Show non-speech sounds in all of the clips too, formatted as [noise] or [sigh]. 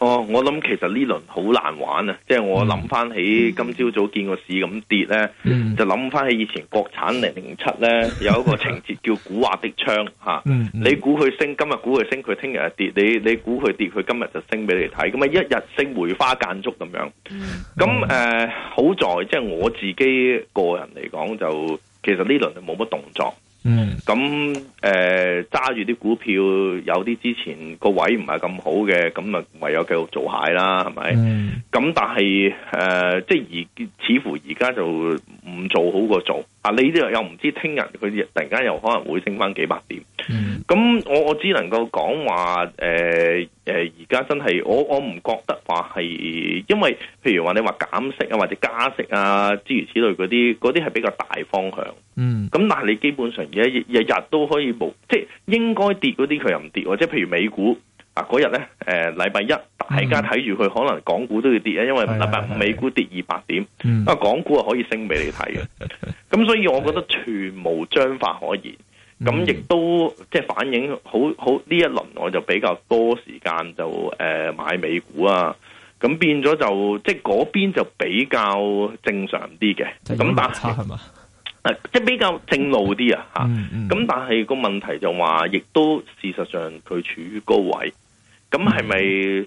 哦，我諗其實呢輪好難玩啊！即係我諗翻起今朝早，早見個市咁跌咧，嗯嗯、就諗翻起以前國產零零七咧，有一個情節叫古惑的槍吓， [laughs] 嗯嗯、你估佢升，今日估佢升，佢聽日跌；你你估佢跌，佢今日就升俾你睇，咁啊一日升梅花間竹咁樣。咁誒、嗯嗯呃，好在即係我自己個人嚟講，就其實呢輪就冇乜動作。嗯，咁誒揸住啲股票，有啲之前個位唔係咁好嘅，咁啊唯有繼續做蟹啦，係咪？嗯，咁但係誒，呃，即係而似乎而家就。唔做好過做啊！你又又唔知聽日佢突然間又可能會升翻幾百點。咁我我只能夠講話，誒、誒，而家真係我我唔覺得話係，因為譬如話你話減息啊或者加息啊諸如此類，嗰啲嗰啲係比較大方向。嗯，咁但係你基本上日日日都可以冇，即係應該跌嗰啲佢又唔跌喎，即係譬如美股。嗱嗰日咧，誒禮拜一大家睇住佢，可能港股都要跌啊，嗯、因為禮拜五美股跌二百點，啊、嗯、港股啊可以升俾你睇嘅，咁所以我覺得全無章法可言，咁亦、嗯、都即係、就是、反映好好呢一輪我就比較多時間就誒、呃、買美股啊，咁變咗就即係嗰邊就比較正常啲嘅，咁但係誒即係比較正路啲、嗯、啊嚇，咁但係個問題就話，亦都事實上佢處於高位。咁係咪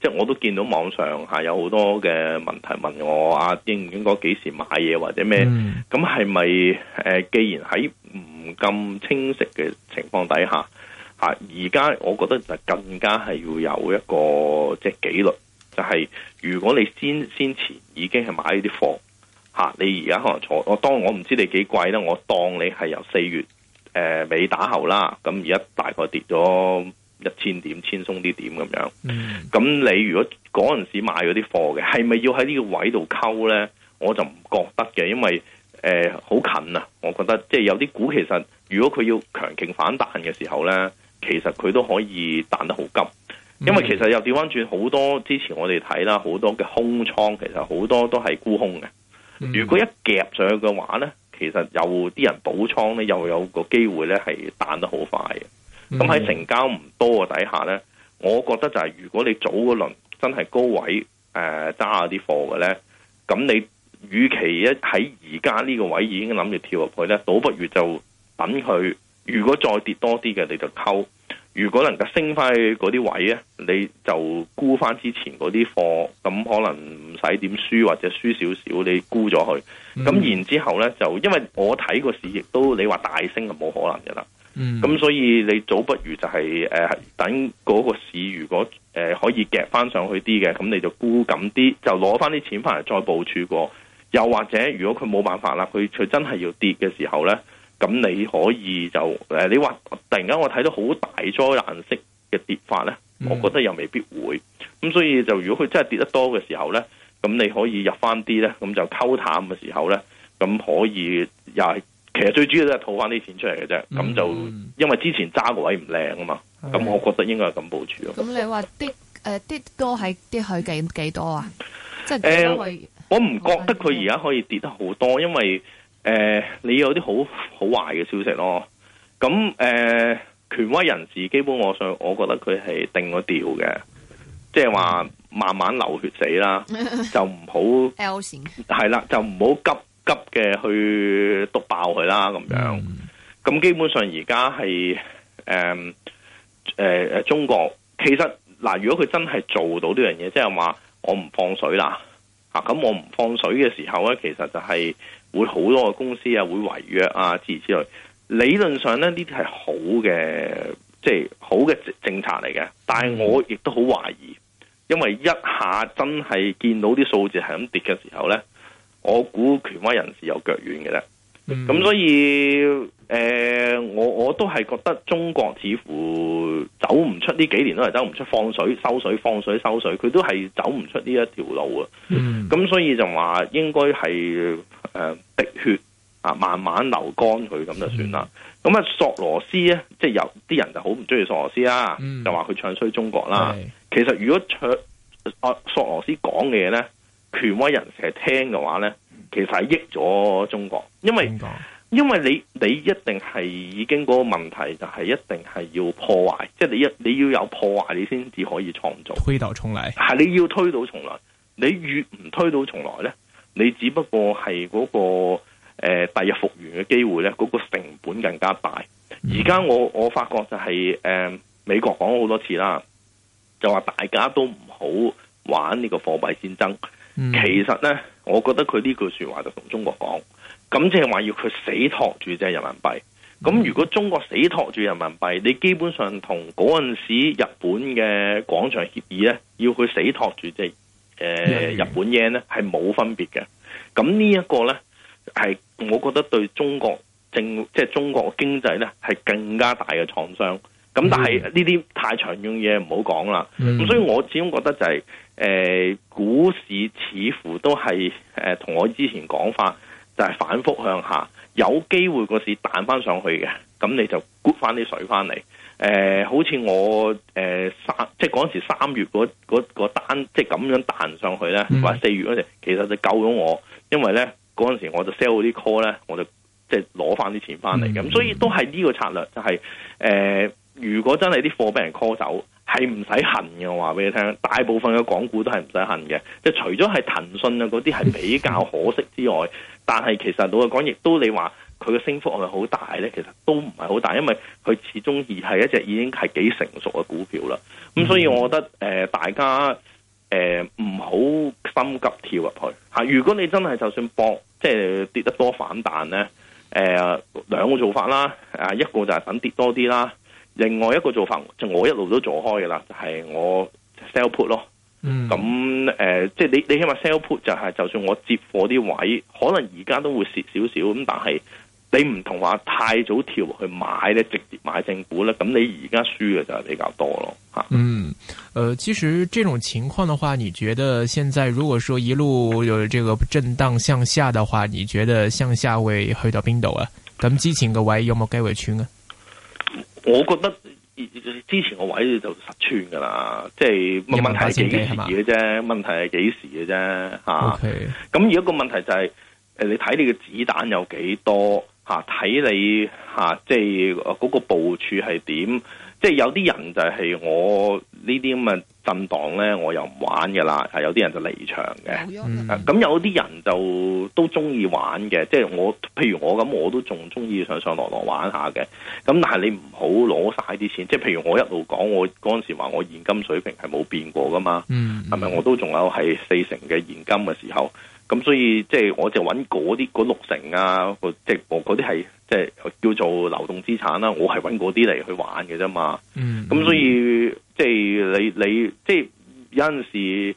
即係我都見到網上嚇、啊、有好多嘅問題問我啊，應唔應該幾時買嘢或者咩？咁係咪既然喺唔咁清晰嘅情況底下，而家、啊、我覺得就更加係要有一個即係、就係、紀律，就係、係、如果你先先前已經係買呢啲貨、啊、你而家可能錯我，當我唔知你幾貴啦，我當你係由四月誒尾、呃、打後啦，咁而家大概跌咗。一千點，千鬆啲點咁樣。咁、嗯、你如果嗰陣時買嗰啲貨嘅，係咪要喺呢個位度溝呢？我就唔覺得嘅，因為誒好、呃、近啊。我覺得即係、就是、有啲股其實，如果佢要強勁反彈嘅時候呢，其實佢都可以彈得好急。因為其實又調翻轉好多之前我哋睇啦，好多嘅空倉其實好多都係沽空嘅。嗯、如果一夾上去嘅話呢，其實有啲人補倉呢，又有個機會呢，係彈得好快嘅。咁喺、嗯、成交唔多嘅底下呢，我覺得就係如果你早嗰輪真係高位誒揸下啲貨嘅呢，咁你與其一喺而家呢個位已經諗住跳入去呢，倒不如就等佢。如果再跌多啲嘅，你就溝；如果能夠升翻去嗰啲位呢，你就沽翻之前嗰啲貨。咁可能唔使點輸，或者輸少少，你沽咗佢。咁、嗯、然之後呢，就因為我睇個市亦都你話大升就冇可能嘅啦。嗯，咁所以你早不如就係、是、誒、呃、等嗰個市如果誒、呃、可以夾翻上去啲嘅，咁你就沽緊啲，就攞翻啲錢翻嚟再部署過。又或者如果佢冇辦法啦，佢真係要跌嘅時候咧，咁你可以就誒、呃，你話突然間我睇到好大災難式嘅跌法咧，我覺得又未必會。咁所以就如果佢真係跌得多嘅時候咧，咁你可以入翻啲咧，咁就溝淡嘅時候咧，咁可以又係。其實最主要都係套翻啲錢出嚟嘅啫，咁、嗯、就因為之前揸個位唔靚啊嘛，咁的我覺得應該係咁部署咯。咁你話跌誒跌多係跌去幾幾多，多，多啊？即係、呃、我唔覺得佢而家可以跌得好多，因為誒、呃、你有啲好好壞嘅消息咯。咁、呃、誒權威人士基本我想我覺得佢係定個調嘅，即係話慢慢流血死啦，就唔好係啦，就唔好急。急嘅去督爆佢啦，咁樣咁基本上而家係誒誒誒，中國其實嗱，如果佢真係做到呢樣嘢，即係話我唔放水啦，啊咁我唔放水嘅時候咧，其實就係會好多嘅公司啊會違約啊諸如此類。理論上咧，呢啲係好嘅，即係好嘅政策嚟嘅，但係我亦都好懷疑，因為一下真係見到啲數字係咁跌嘅時候咧。我估權威人士有腳軟嘅啫。咁、嗯、所以誒、呃，我我都係覺得中國似乎走唔出呢幾年都係走唔出，放水收水放水收水，佢都係走唔出呢一條路啊。咁、嗯、所以就話應該係誒、呃、滴血啊，慢慢流乾佢咁就算啦。咁啊、嗯、索羅斯咧，即、就、係、是、有啲人就好唔中意索羅斯啦，嗯、就話佢唱衰中國啦。的其實如果唱啊索羅斯講嘅嘢咧。權威人士係聽嘅話咧，其實係益咗中國，因為國因為你你一定係已經嗰個問題就係一定係要破壞，即係你一你要有破壞，你先至可以創造推倒重來。係你要推倒重來，你越唔推倒重來咧，你只不過係嗰個誒第日復原嘅機會咧，嗰個成本更加大。而家、嗯、我我發覺就係誒美國講咗好多次啦，就話大家都唔好玩呢個貨幣戰爭。嗯、其實咧，我覺得佢呢句說話就同中國講，咁即係話要佢死托住隻人民幣。咁如果中國死托住人民幣，你基本上同嗰陣時日本嘅廣場協議咧，要佢死托住隻誒日本 yen 咧，係冇分別嘅。咁呢一個咧，係我覺得對中國政即係中國經濟咧，係更加大嘅創傷。咁、嗯嗯、但係呢啲太長遠嘢唔好講啦。咁、嗯、所以我始終覺得就係、是、誒、呃、股市似乎都係誒同我之前講法，就係、是、反覆向下，有機會個市彈翻上去嘅，咁你就估返翻啲水翻嚟。誒、呃、好似我誒、呃、三即係嗰陣時三月嗰嗰單，即係咁樣彈上去咧，嗯、或者四月嗰陣，其實就救咗我，因為咧嗰陣時我就 sell 嗰啲 call 咧，我就即係攞翻啲錢翻嚟咁，嗯、所以都係呢個策略就係、是、誒。呃如果真係啲貨俾人 call 走，係唔使恨嘅。我話俾你聽，大部分嘅港股都係唔使恨嘅。即係除咗係騰訊啊嗰啲係比較可惜之外，但係其實老實講，亦都你話佢嘅升幅係咪好大咧？其實都唔係好大，因為佢始終而係一隻已經係幾成熟嘅股票啦。咁所以，我覺得誒、呃、大家誒唔好心急跳入去嚇。如果你真係就算博，即係、就是、跌得多反彈咧，誒、呃、兩個做法啦，一個就係等跌多啲啦。另外一個做法就我一路都做開嘅啦，就係、是、我 sell put 咯。咁誒，即係你你起碼 sell put 就係就算我接貨啲位，可能而家都會蝕少少咁，但係你唔同話太早跳去買咧，直接買正股咧，咁你而家輸嘅就比較多咯。吓，嗯，誒、嗯，其實這種情況的話，你覺得現在如果說一路有這個震盪向下的話，你覺得向下會去到邊度啊？咁之前個位有冇機會穿啊？我覺得之前個位就實穿噶啦，即係問題係幾時嘅啫？問題係幾時嘅啫？咁 Okay. 而家個問題就係、誒、你睇你嘅子彈有幾多，睇你，即係嗰個部署係點？即係有啲人就係我呢啲咁嘅。震盪咧，我又唔玩㗎啦，有啲人就離場嘅。咁、嗯啊、有啲人就都中意玩嘅，即係我，譬如我咁，我都仲中意上上落落玩下嘅。咁但係你唔好攞晒啲錢，即係譬如我一路講，我嗰陣時話我現金水平係冇變過噶嘛，係咪？嗯嗯，我都仲有係四成嘅現金嘅時候。咁所以即係我就揾嗰啲嗰六成啊，個即係我嗰啲係即係叫做流動資產啦、啊，我係揾嗰啲嚟去玩嘅啫嘛。咁、嗯、所以、嗯、即係你你即係有陣時。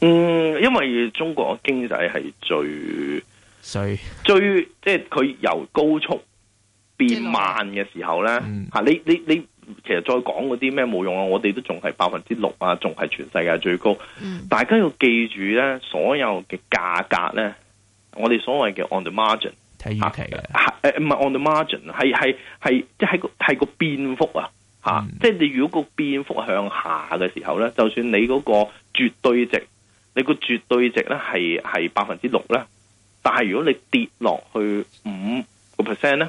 嗯，因為中國經濟係最衰以最即係佢由高速變慢嘅時候咧吓、啊嗯啊，你你你其實再講嗰啲咩冇用啊，我哋都仲係百分之六啊，仲係全世界最高。嗯、大家要記住咧，所有嘅價格咧，我哋所謂嘅 on the margin 睇預期啦，誒唔係 on the margin 係係係即係個係個變幅啊。吓，嗯、即係你如果個變幅向下嘅時候咧，就算你嗰個絕對值，你個絕對值咧係係百分之六啦，但係如果你跌落去五個 percent 咧，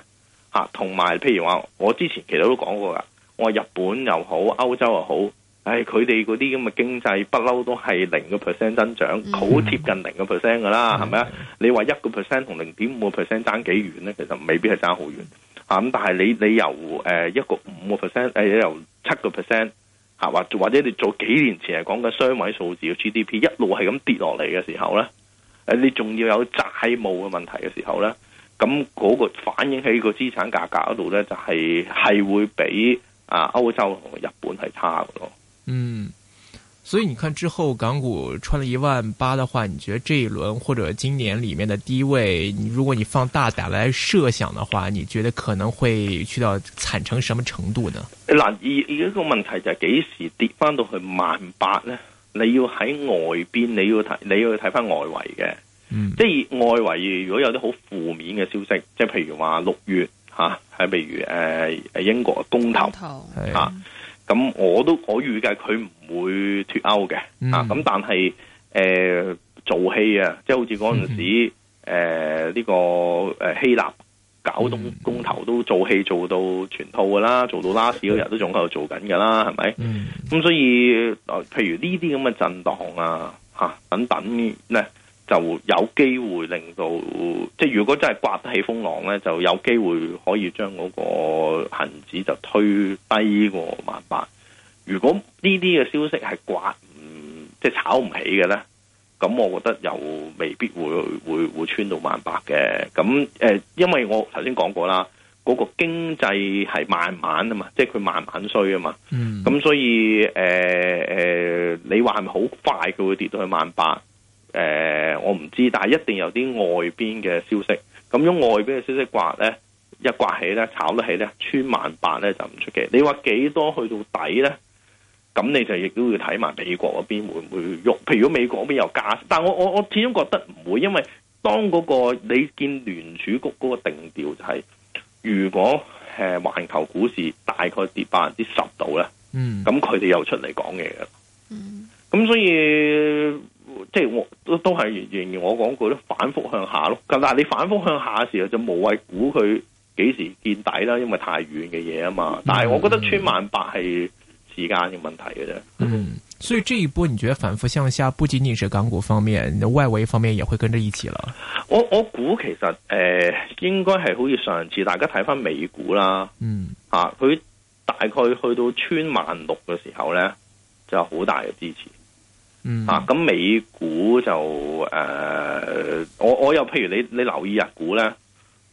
吓、啊，同埋譬如話我之前其實都講過噶，我話日本又好，歐洲又好，唉、哎，佢哋嗰啲咁嘅經濟不嬲都係零個 percent 增長，好貼近零個 percent 噶啦，係咪啊？嗯、吧你話一個 percent 同零點五個 percent 爭幾遠咧？其實未必係爭好遠。咁，但係你你由誒一個五個 percent 誒你由七個 percent 吓，或或者你做幾年前係講緊雙位數字嘅 GDP 一路係咁跌落嚟嘅時候咧，誒你仲要有債務嘅問題嘅時候咧，咁嗰個反映喺個資產價格嗰度咧，就係係會比啊歐洲同日本係差嘅咯。嗯。所以你看之後港股穿了一萬八的話，你覺得這一輪或者今年裏面的低位，如果你放大膽來設想的話，你覺得可能會去到慘成什麼程度呢？嗱，而而家個問題就係幾時跌翻到去萬八呢？你要喺外邊，你要睇你要睇翻外圍嘅，嗯、即係外圍如果有啲好負面嘅消息，即係譬如話六月吓，係、啊、譬如誒誒、呃、英國公投、公投、哎、啊。咁我都我預計佢唔會脫歐嘅、嗯、啊！咁但係誒、呃、做戲啊，即係好似嗰陣時呢、嗯呃這個誒希臘搞到公投都做戲做到全套噶啦，做到 last 嗰日都仲喺度做緊噶啦，係咪？咁、嗯、所以、呃、譬如呢啲咁嘅震盪啊，啊等等咧。就有機會令到即係如果真係刮得起風浪咧，就有機會可以將嗰個恆指就推低過萬八。如果呢啲嘅消息係刮唔即係炒唔起嘅咧，咁我覺得又未必會會會穿到萬八嘅。咁誒、呃，因為我頭先講過啦，嗰、那個經濟係慢慢啊嘛，即係佢慢慢衰啊嘛。咁、嗯、所以誒誒、呃呃，你話係咪好快佢會跌到去萬八誒？我唔知，但係一定有啲外邊嘅消息，咁樣外邊嘅消息刮咧，一刮起咧，炒得起咧，穿萬八咧就唔出奇。你話幾多去到底咧？咁你就亦都要睇埋美國嗰邊會唔會喐。譬如如果美國嗰邊有加息，但係我我我始終覺得唔會，因為當嗰、那個你見聯儲局嗰個定調就係、是，如果誒環球股市大概跌百分之十度咧，他們嗯，咁佢哋又出嚟講嘢噶，嗯，咁所以。即係我都都係仍然我講過咯，反覆向下咯。咁但係你反覆向下嘅時候就冇謂估佢幾時見底啦，因為太遠嘅嘢啊嘛。但係我覺得穿萬八係時間嘅問題嘅啫。嗯，所以這一波你覺得反覆向下不僅僅是港股方面，外圍方面也會跟着一起啦。我我估其實誒、呃，應該係好似上次大家睇翻美股啦，嗯、啊、佢大概去到穿萬六嘅時候咧，就好大嘅支持。嗯、啊，咁美股就誒、呃，我我又譬如你你留意日股咧，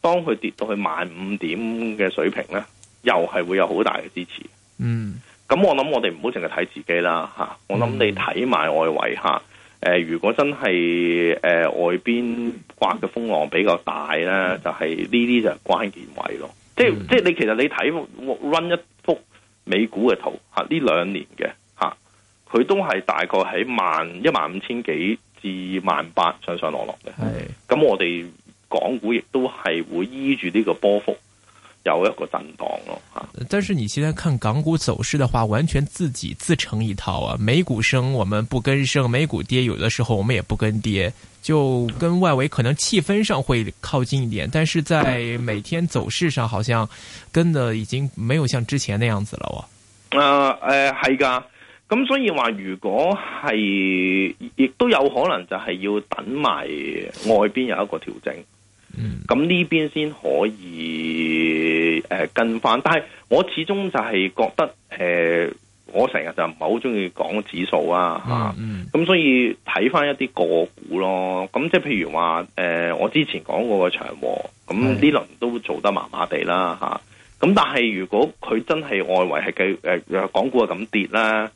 當佢跌到去萬五點嘅水平咧，又係會有好大嘅支持。嗯，咁我諗我哋唔好淨係睇自己啦吓、嗯、我諗你睇埋外圍吓、呃、如果真係誒、呃、外邊刮嘅風浪比較大咧，嗯、就係呢啲就係關鍵位咯。即、嗯、即、即你其實你睇 run 一幅美股嘅圖呢、啊、呢兩年嘅。佢都係大概喺萬一萬五千幾至萬八上上落落嘅，係咁是我哋港股亦都係會依住呢個波幅有一個震盪咯嚇。但是你現在看港股走勢嘅話，完全自己自成一套啊！美股升，我們不跟升；美股跌，有的時候我們也不跟跌，就跟外圍可能氣氛上會靠近一點，但是在每天走勢上，好像跟得已經沒有像之前那樣子了喎。啊誒、呃，係、呃、㗎。咁所以話，如果係亦都有可能，就係要等埋外邊有一個調整，咁呢、嗯、邊先可以誒跟翻。但係我始終就係覺得誒、呃，我成日就唔係好中意講指數啊嚇，咁所以睇翻一啲個股咯。咁即係譬如話誒、呃，我之前講過個長和，咁呢輪都做得麻麻地啦嚇。咁、啊、但係如果佢真係外圍係嘅誒港股係咁跌啦。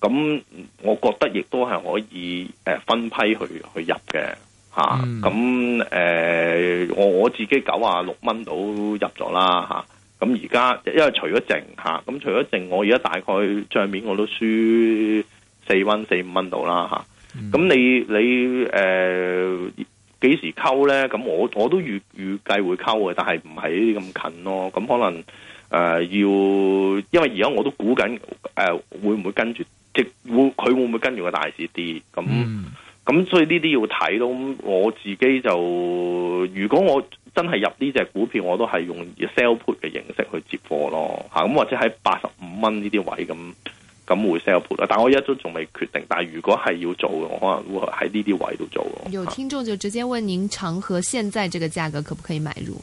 咁，我覺得亦都係可以、呃、分批去去入嘅嚇。咁、啊嗯呃、我我自己九啊六蚊到入咗啦嚇。咁而家因為除咗淨嚇，咁、啊、除咗淨，我而家大概帳面我都輸四蚊四五蚊到啦嚇。咁、啊嗯、你你誒幾、呃、時溝咧？咁我我都預預計會溝嘅，但係唔係咁近咯。咁可能、呃、要，因為而家我都估緊誒會唔會跟住。即會佢會唔會跟住個大市啲？咁、嗯、咁、嗯嗯、所以呢啲要睇咯。咁我自己就如果我真係入呢隻股票，我都係用 sell put 嘅形式去接貨咯。嚇咁或者喺八十五蚊呢啲位咁咁會 sell put 啦。但係我而家都仲未決定。但係如果係要做嘅，我可能會喺呢啲位度做。有聽眾就直接問您：長和現在這個價格可唔可以買入？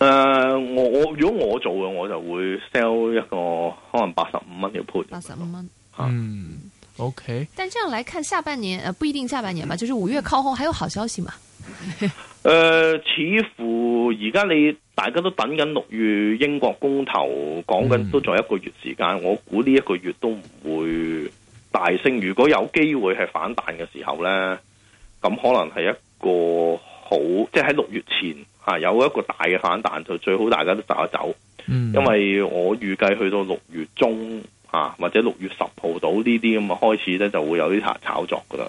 誒、呃，我我如果我做嘅，我就會 sell 一個可能八十五蚊嘅 put，八十五蚊。啊、嗯，OK。但這樣來看，下半年、呃，不一定下半年吧，就是五月靠後還有好消息嘛？誒、 [laughs] 呃，似乎而家你大家都等緊六月英國公投，講緊都仲有一個月時間，我估呢一個月都唔會大升。如果有機會係反彈嘅時候呢，咁可能係一個好，即係喺六月前吓、啊、有一個大嘅反彈就最好，大家都走一走。嗯、因為我預計去到六月中。啊，或者六月十號到呢啲咁啊，開始咧就會有啲炒作㗎啦。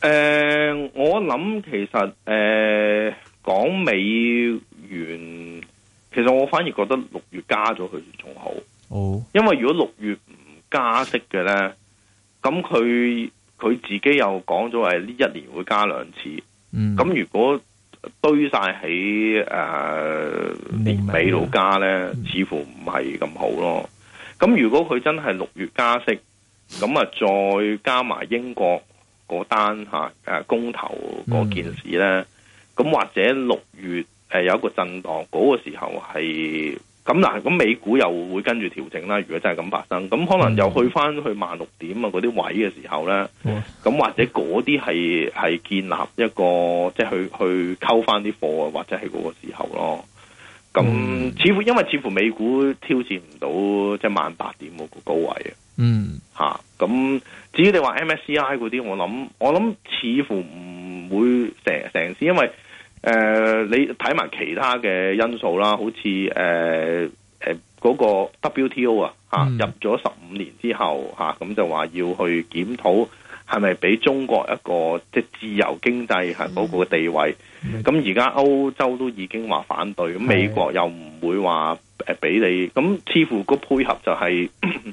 誒、呃，我諗其實誒，講、呃、美元，其實我反而覺得六月加咗佢仲好哦，oh. 因為如果六月唔加息嘅咧，咁佢佢自己又講咗係呢一年會加兩次，咁、mm. 如果堆晒喺誒年尾度加咧，mm. 似乎唔係咁好咯。咁如果佢真係六月加息，咁啊再加埋英國。嗰單嚇、啊、公投嗰件事咧，咁、嗯、或者六月、呃、有一個震盪嗰、嗰個時候係咁嗱，咁美股又會跟住調整啦。如果真係咁發生，咁可能又去翻去萬六點啊嗰啲位嘅時候咧，咁、嗯、或者嗰啲係建立一個即係去去溝翻啲貨或者係嗰個時候咯。咁、嗯、似乎因為似乎美股挑戰唔到即係萬八點嗰、啊嗰個高位。嗯吓，咁、啊、至於你話 MSCI 嗰啲，我諗我諗似乎唔會成成事，因為誒、呃、你睇埋其他嘅因素啦，好似誒誒嗰個 WTO 啊嚇、啊、入咗十五年之後嚇，咁、啊、就話要去檢討係咪俾中國一個即係、就是、自由經濟係嗰個地位，咁而家歐洲都已經話反對，咁的美國又唔會話誒俾你，咁似乎個配合就係、是。 [coughs]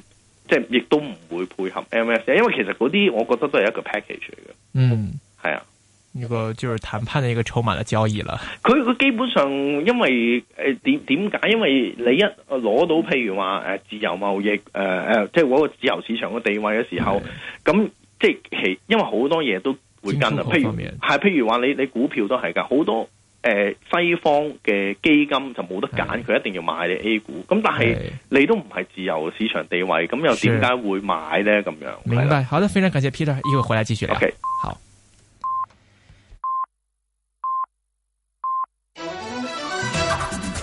即係亦都唔會配合 M S，因為其實嗰啲我覺得都係一個 package 嚟嘅。嗯，係啊，呢個就係談判嘅一個籌碼嘅交易啦。佢佢基本上因為誒點點解？因為你一攞到譬如話自由貿易誒誒，即係嗰個自由市場嘅地位嘅時候，咁即係因為好多嘢都會跟啊。譬如係譬如話你你股票都係㗎，好多。誒，西方嘅基金就冇得揀，佢一定要買你 A 股。咁是但係你都唔係自由市場地位，咁又點解會買咧？咁樣明白。的好啦，非常感謝 Peter，一會回來繼續啦。OK，好。